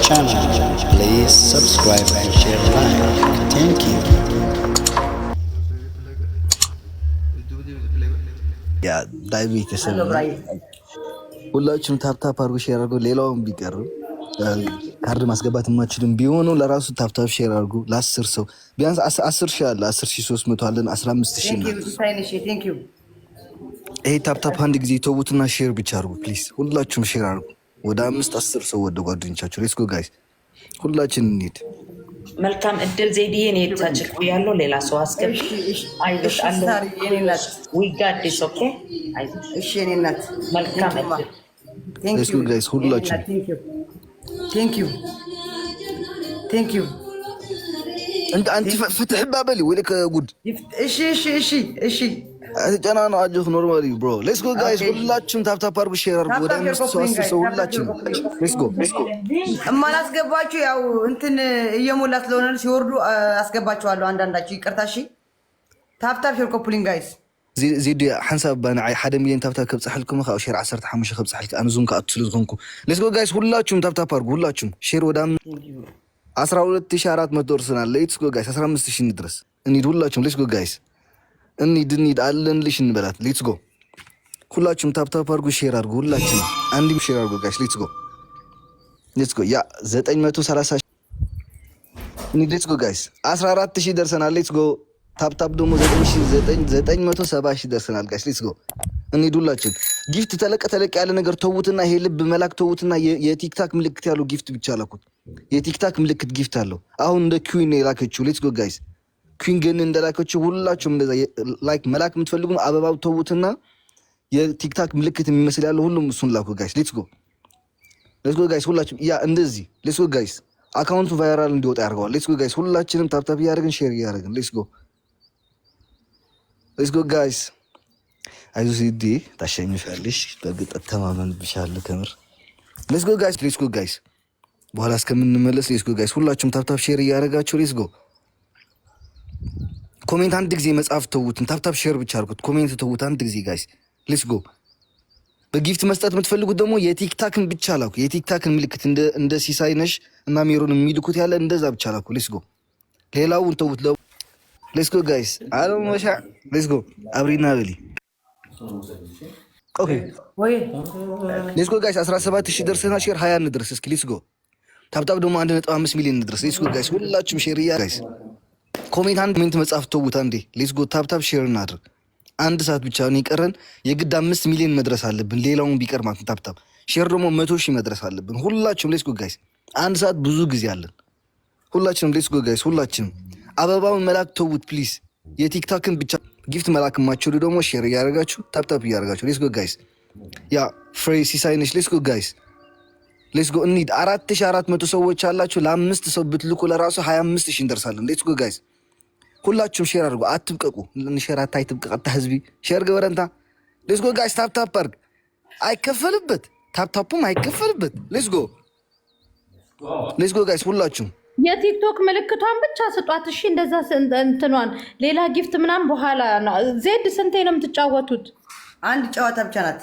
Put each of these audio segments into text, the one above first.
channel. Please subscribe and share like. Thank you. ዳይ ቤተሰብ ሁላችሁም ታፕታፕ አድርጎ ሼር አድርጎ ሌላውን ቢቀርም ካርድ ማስገባት የማችልም ቢሆኑ ለራሱ ታፕታፕ ሼር አድርጉ ለአስር ሰው ቢያንስ አስር ሺህ አለ አስር ሺህ ሶስት መቶ አለን አስራ አምስት ሺህ ይሄ ታፕታፕ አንድ ጊዜ ተውትና ሼር ብቻ አድርጉ ፕሊዝ ሁላችሁም ሼር አድርጉ ወደ አምስት አስር ሰው ወደ ጓደኞቻቸው ሌትስ ጎ ጋይስ፣ ሁላችን እንሂድ። መልካም እድል ዜድዬ። እኔ ያለው ሌላ ሰው አስገቢ። እሺ ጋይስ፣ ሁላችን እሺ እሺ እሺ እሺ ጨና ነው አጆት ኖርማሊ ብሮ ሌትስ ጎ ጋይስ፣ ሁላችሁም ታፕታፕ አድርጉ፣ ሼር አድርጉ። ወደ እነሱ ሰው ሁላችሁም ሌትስ ጎ። እማላስገባችሁ ያው እንትን እየሞላ ስለሆነ ሲወርዱ አስገባችኋለሁ። አንዳንዳችሁ ይቅርታ። እሺ፣ ታፕታፕ ሼር ኮፕሊንግ ጋይስ። ዚድ ሓንሳብ ባንዓይ ሓደ ሚሊዮን ታፕታፕ ከብፅሓልኩም ካብ ሸር ዓሰርተ ሓሙሽተ ኣነ ዙም ከኣቱ ስለ ዝኮንኩ ሌትስ ጎ ጋይስ፣ ሁላችሁም ታፕታፕ አድርጉ። ሁላችሁም ሼር ወዳ ዓስራ ሁለት ሺህ አራት መቶ ደርሰናል። ሌትስ ጎ ጋይስ፣ ዓስራ አምስት ሺህ እንድረስ እኒድ ሁላችሁም ሌትስ ጎ ጋይስ እንሂድ እንሂድ አለንልሽ እንበላት። ሌትስ ጎ ሁላችሁም ታፕታፕ አድርጉ፣ ሼር አድርጉ። ሁላችን አንድም ሼር አድርጉ ጋሽ። ሌትስ ጎ ሌትስ ጎ ያ 930 እንሂድ። ሌትስ ጎ ጋይስ ሺህ ደርሰናል። ሌትስ ጎ ታፕታፕ ደግሞ 970 ሺህ ደርሰናል ጋሽ። ሌትስ ጎ እንሂድ ሁላችን። ጊፍት ተለቀ ተለቀ ያለ ነገር ተውትና፣ ይሄ ልብ መላክ ተውትና። የቲክታክ ምልክት ያለው ጊፍት ብቻ ላኩት። የቲክታክ ምልክት ጊፍት አለው። አሁን እንደ ኪዊን የላከችው ሌትስ ጎ ጋይስ ኩንግን እንደላከችው ሁላችሁም እንደዛ ላይክ መላክ የምትፈልጉ አበባው ተውትና የቲክታክ ምልክት የሚመስል ያለው ሁሉም እሱን ላኩ ጋይስ። ሌትስ ጎ ሌትስ ጎ ጋይስ፣ ሁላችሁም ያ እንደዚህ ሌትስ ጎ ጋይስ። አካውንቱ ቫይራል እንዲወጣ ያደርገዋል። ሌትስ ጎ ጋይስ፣ ሁላችንም ታፕታፕ እያደረግን ሼር እያደረግን ሌትስ ጎ ሌትስ ጎ ጋይስ። አይዞሽ ሂድ፣ ታሸንፊያለሽ። በእርግጥ ተማመንብሻለሁ ከምር። ሌትስ ጎ ጋይስ፣ ሌትስ ጎ ጋይስ። በኋላ እስከምንመለስ ሌትስ ጎ ጋይስ። ሁላችሁም ታፕታፕ ሼር እያደረጋችሁ ሌትስ ጎ ኮሜንት አንድ ጊዜ መጽሐፍ ተውትን። ታፕታፕ ሼር ብቻ አድርጉት። ኮሜንት ተውት አንድ ጊዜ ጋይስ፣ ሌትስ ጎ። በጊፍት መስጠት የምትፈልጉት ደግሞ የቲክታክን ብቻ ላኩ። የቲክታክን ምልክት እንደ ሲሳይ ነሽ እና ሜሮን የሚልኩት ያለ እንደዛ ብቻ ላኩ። ሌትስ ጎ። ሌላውን ተውት። ሌትስ ጎ ጋይስ፣ አለመሻ ሌትስ ጎ። አብሪና በሊ ኦኬ። ሌትስ ጎ ጋይስ፣ አሎ 17 ሺህ ደርስና ሼር 20 እንድረስ እስኪ። ሌትስ ጎ። ታፕታፕ ደግሞ 1.5 ሚሊዮን እንድረስ። ሌትስ ጎ ጋይስ፣ ሁላችሁም ሼር እያ ጋይስ ኮሜንት አንድ ኮሜንት መጽሐፍ ተውታ እንዴ ሌስ ጎ ታብታብ ሼር እናድርግ። አንድ ሰዓት ብቻ ነው የቀረን። የግድ አምስት ሚሊዮን መድረስ አለብን። ሌላውን ቢቀር ማለት ታብታብ ሼር ደግሞ መቶ ሺህ መድረስ አለብን። ሁላችሁም ሌስ ጎ ጋይስ፣ አንድ ሰዓት ብዙ ጊዜ አለን። ሁላችንም ሌስ ጎ ጋይስ፣ ሁላችንም አበባውን መላክ ተውት ፕሊዝ። የቲክታክን ብቻ ጊፍት መላክ የማትችሉ ደግሞ ሼር እያደረጋችሁ ታብታብ እያደረጋችሁ ሌስ ጎ ጋይስ። ያ ፍሬ ሲሳይነች ሌስ ጎ ጋይስ ሌስጎ እኒድ አራት ሺ አራት መቶ ሰዎች አላችሁ። ለአምስት ሰው ብትልኩ ለራሱ ሀያ አምስት ሺ እንደርሳለን። ሌስጎ ጋይስ ሁላችሁም ሼር አድርጉ፣ አትብቀቁ። ሼር አታይ ትብቀቅ፣ ህዝቢ ሼር ግበረንታ ሌስጎ ጋሽ ታፕታፕ አድርግ፣ አይከፈልበት ታፕታፑም አይከፈልበት። ሌስጎ ሌስጎ ጋሽ ሁላችሁም የቲክቶክ ምልክቷን ብቻ ስጧት። እሺ እንደዛ እንትኗን ሌላ ጊፍት ምናምን በኋላ ዜድ ስንቴ ነው የምትጫወቱት? አንድ ጨዋታ ብቻ ናት።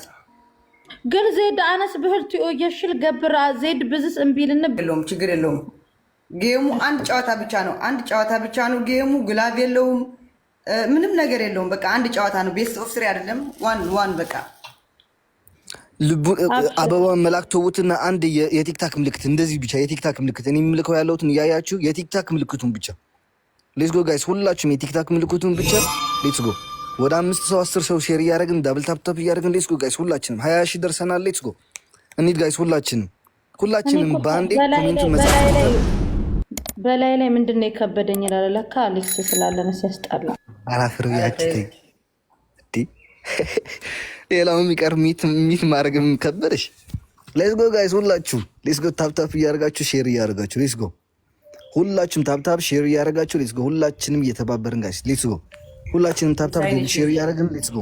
ግን ዜድ አነስ ብህርትዮ የሽል ገብራ ዜድ ብዝስ እምቢልን ችግር የለውም። ጌሙ አንድ ጨዋታ ብቻ ነው። አንድ ጨዋታ ብቻ ነው ጌሙ። ግላቭ የለውም፣ ምንም ነገር የለውም። በቃ አንድ ጨዋታ ነው። ቤስት ኦፍ ስሪ አይደለም፣ ዋን ዋን በቃ አበባውን መላክ ተውትና፣ አንድ የቲክታክ ምልክት እንደዚህ ብቻ የቲክታክ ምልክት እኔ የምልከው ያለሁትን እያያችሁ የቲክታክ ምልክቱን ብቻ ሌትስ ጎ ጋይስ፣ ሁላችሁም የቲክታክ ምልክቱን ብቻ ሌትስ ጎ። ወደ አምስት ሰው አስር ሰው ሼር እያደረግን ዳብል ታፕታፕ እያደረግን ሌትስ ጎ ጋይስ፣ ሁላችንም ሀያ ሺህ ደርሰናል። ሌትስ ጎ እንሂድ ጋይስ፣ ሁላችንም ሁላችንም በአንዴ ኮሜንቱን መጻፍ በላይ ላይ ምንድን ነው የከበደኝ ይላል። ለካ አሌክስ ስላለ ነው ሲያስጠላ። አላፍር ያችተኝ ሌላው የሚቀር ሚት ማድረግ የሚከበደሽ። ሌስጎ ጋይስ ሁላችሁ ሌስጎ ታፕታፕ እያደርጋችሁ ሼር እያደርጋችሁ ሌስጎ ሁላችሁም ታፕታፕ ሼር እያደርጋችሁ ሌስጎ ሁላችንም እየተባበርን ጋይስ ሌስጎ ሁላችንም ታፕታፕ ሼር እያደርግን ሌስጎ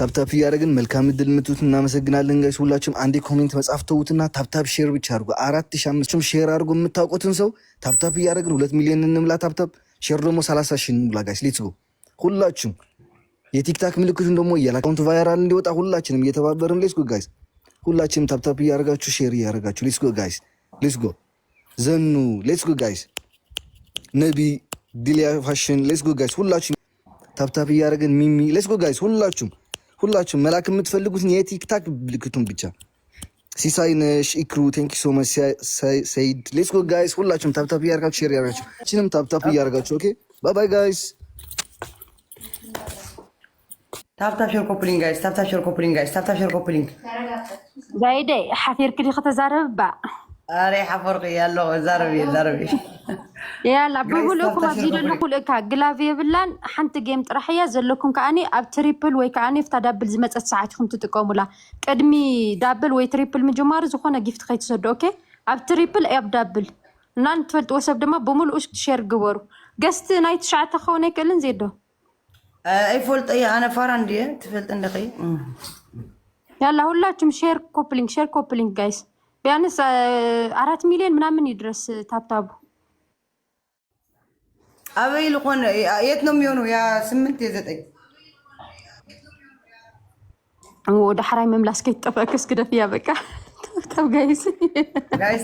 ታፕታፕ እያደረግን መልካም እድል ምትት እናመሰግናለን ጋይስ ሁላችሁም። አንዴ ኮሜንት መጻፍ ተዉትና ታፕታፕ ሼር ብቻ አድርጉ። አራት ሺ አምስት ሼር አድርጉ። የምታውቁትን ሰው ታፕታፕ እያደረግን ሁለት ሚሊዮን እንምላ። ታፕታፕ ሼር ደግሞ ሰላሳ ሺ እንሙላ ጋይስ። ሌትስ ጎ ሁላችሁም። የቲክታክ ምልክቱን ደግሞ እያለ አካውንቱ ቫይራል እንዲወጣ ሁላችንም እየተባበርን ሌትስ ጎ ጋይስ። ሁላችንም ታፕታፕ እያደረጋችሁ ሼር እያደረጋችሁ ሌትስ ጎ ጋይስ። ሌትስ ጎ ዘኑ ሌትስ ጎ ጋይስ። ነቢ ዲሊያ ፋሽን ሌትስ ጎ ጋይስ። ሁላችሁም ታፕታፕ እያደረግን ሚሚ ሌትስ ጎ ጋይስ። ሁላችሁም ሁላችሁም መላክ የምትፈልጉትን የቲክታክ ምልክቱን ብቻ ሲሳይነሽ ኢክሩ ቴንኪ ሶ ማች ሰይድ ሌትስ ጎ ጋይስ። ሁላችሁም ታፕታፕ እያደርጋችሁ ሼር ያደርጋችሁ እችንም ታፕታፕ እያደርጋችሁ ኦኬ ባይ ባይ ጋይስ። ታፕታፕ ሼር ኮፕሊንግ ጋይስ። ታፕታፕ ሼር ኮፕሊንግ ጋይስ። ታፕታፕ ሼር ኮፕሊንግ ዛይደ ሓፊርክዲ ከተዛረብባ ኧረ ሐፈርቅ ያለው እዛ ረቢ ያላ ብብልኡኩም ኣብዚ ዘለኹ ልእካ ግላቭ የብላን ሓንቲ ጌም ጥራሕ እያ ዘለኩም ከዓኒ ኣብ ትሪፕል ወይ ከዓኒ ፍታ ዳብል ዝመፀት ሰዓት ትጥቀሙላ ቅድሚ ዳብል ወይ ትሪፕል ምጅማር ዝኾነ ጊፍቲ ከይትሰዶ ኦኬ ኣብ ትሪፕል ኣብ ዳብል እና ንትፈልጥዎ ሰብ ድማ ብምልኡ ሸር ግበሩ ገስቲ ናይ ትሽዓተ ክኸውን ኣይክእልን ዘዶ ኣይፈልጦ እየ ኣነ ፋራን ድየ ትፈልጥ እንደኸ ያላ ሁላችሁም ሼር ኮፕሊንግ ሼር ኮፕሊንግ ጋይስ ቢያንስ አራት ሚሊዮን ምናምን ይድረስ። ታብታቡ አበይ ልኮን የት ነው የሚሆነው? ያ ስምንት የዘጠኝ ወደ ሓራይ መምላስ ከይጠበቅስ ግደፍ እያ በቃ ታብታብ ጋይስ ጋይስ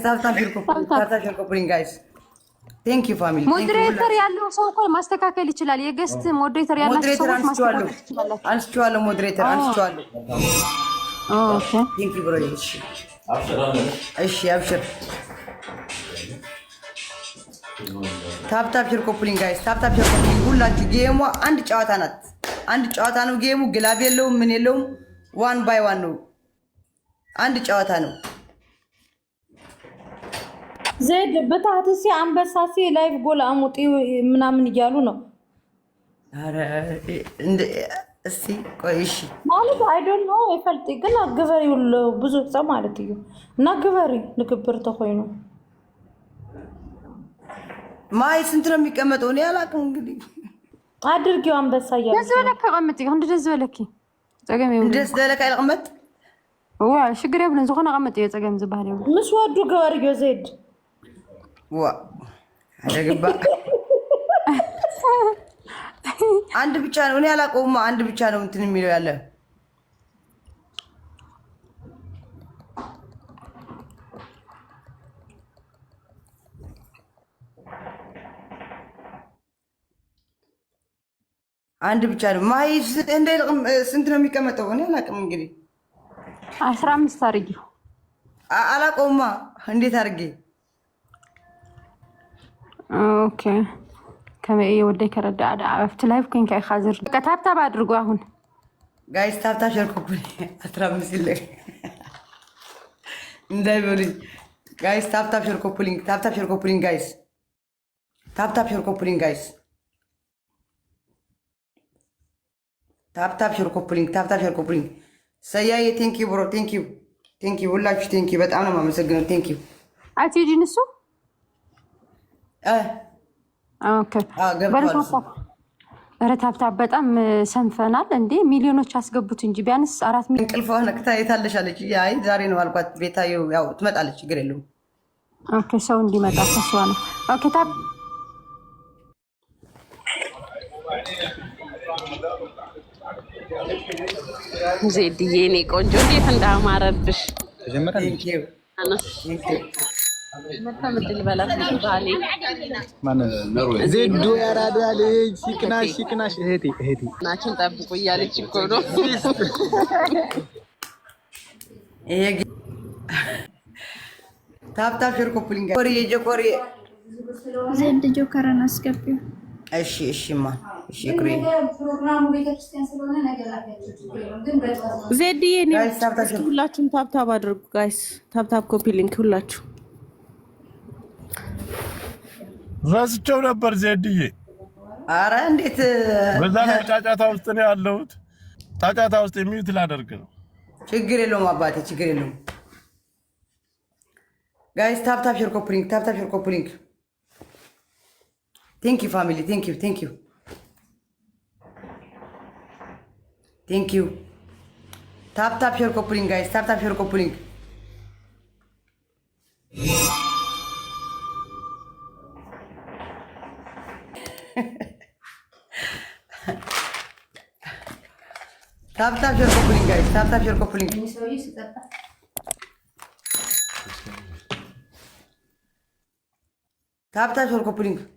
ሞዴሬተር ያለው ሰው እንኳን ማስተካከል ይችላል። የገስት ሞዴሬተር ያላቸው ሰዎች ማስተካከል ይችላል። አንስቼዋለሁ። ሞዴሬተር አንስቼዋለሁ። ኦኬ ቴንክ ዩ ብሮዬ። እሺ እሺ አብሽር። ታፕታፕ ሼር ኮፕሊንግ ጋይስ፣ ታፕታፕ ሼር ኮፕሊንግ ሁላችሁ። ጌሙ አንድ ጨዋታ ናት፣ አንድ ጨዋታ ነው ጌሙ። ግላብ የለውም ምን የለውም፣ ዋን ባይ ዋን ነው፣ አንድ ጨዋታ ነው። ዘይድ ብታህትሴ አንበሳሴ ላይፍ ጎል አሙጤ ምናምን እያሉ ነው እስቲ ቆይ እሺ ማለት አይዶን ነው የፈልጥ ግን አግበሪ ሁሉ ብዙ ሰ ማለት እዩ እና ግበሪ ንግብር ተኮይኑ ማይ ስንት ነው የሚቀመጠው? እኔ አላውቅም። እንግዲህ አድርጊው አንበሳ እያለ ደስ በለካ ቀምጥ ይሁን ደስ በለኪ ጸገም ይሁን ደስ በለካ ይልቅመጥ ዋ ሽግር የብልን ዝኾነ ቀመጥ እዩ ፀገም ዝበሃል ምስ ወዱ ገበሪ ዮ ዘይድ ዋ አደግባ አንድ ብቻ ነው። እኔ አላውቀውማ። አንድ ብቻ ነው እንትን የሚለው ያለ አንድ ብቻ ነው። ማይ ስንት ነው የሚቀመጠው? እኔ አላውቅም። እንግዲህ አስራ አምስት አድርጊው። አላውቀውማ። እንዴት አድርጌ ኦኬ የወደይ ከረዳ ኣብቲ ላይፍ ኮይንካ ኢካ ዝር ታብታብ ኣድርጎ አሁን ጋይስ ታብታ ሸርኩኩ አስራ አምስት ይለ እንዳይበሉኝ ጋይስ ታብታብ ሸርኮፕሊንግ ታብታብ ሸርኮፕሊንግ ጋይስ ታብታብ ሸርኮፕሊንግ ጋይስ ታብታብ ሸርኮፕሊንግ ታብታብ ሸርኮፕሊንግ ሰያዬ ቴንክ ዩ ብሮ ቴንኪ ቴንኪ ቴንክ ዩ ሁላችሁ ቴንክ በጣም ነው የማመሰግነው ቴንኪ ዩ አትሄጂን እሱ ረታብታብ በጣም ሰንፈናል። እንዴ ሚሊዮኖች አስገቡት እንጂ ቢያንስ አራት ሚሊዮን። እንቅልፍ ነክታየታለሽ አለች። አይ ዛሬ ነው አልኳት። ቤታ ያው ትመጣለች፣ ችግር የለውም። ኦኬ ሰው እንዲመጣ ተስዋ ነው። ኦኬ ታብ ዜድዬ፣ እኔ ቆንጆ እንዴት እንዳማረብሽ መልካም እድል በላት ባሌ ዜዶ ያራዳ ልጅ ሲቅናሽ ሲቅናሽ እህቴ እህቴ ናችን ጠብቁ እያለች እኮ ነው። ታብታብ ሼር ኮፕሊንግ ቆርዬ ጀቆርዬ ዜድ ጆከረን አስገቢው። እሺ እሺማ እሺ ክሬ ዜድዬ ሁላችሁም ታብታብ አድርጉ ጋይስ። ታብታብ ኮፒ ሊንክ ሁላችሁ ረስቸው ነበር ዜድዬ። አረ እንዴት በዛ ላይ ጫጫታ ውስጥ ነው ያለሁት። ጫጫታ ውስጥ የሚዩት ላደርግ ነው። ችግር የለውም አባቴ፣ ችግር የለውም። ጋይስ ታፕታፕ ሼር ኮፒ ታፕታፕ ሼር ኮፒ ሊንክ ጋይስ፣ ታፕታፕ ሼር ኮፒ ጋይስ ታፕታፕ ሼር ኮፒ ታፕ ታፕ ሼር ኮፕሊንግ ጋይስ፣ ታፕ ታፕ ሼር ኮፕሊንግ። ታፕ ታፕ ሼር ኮፕሊንግ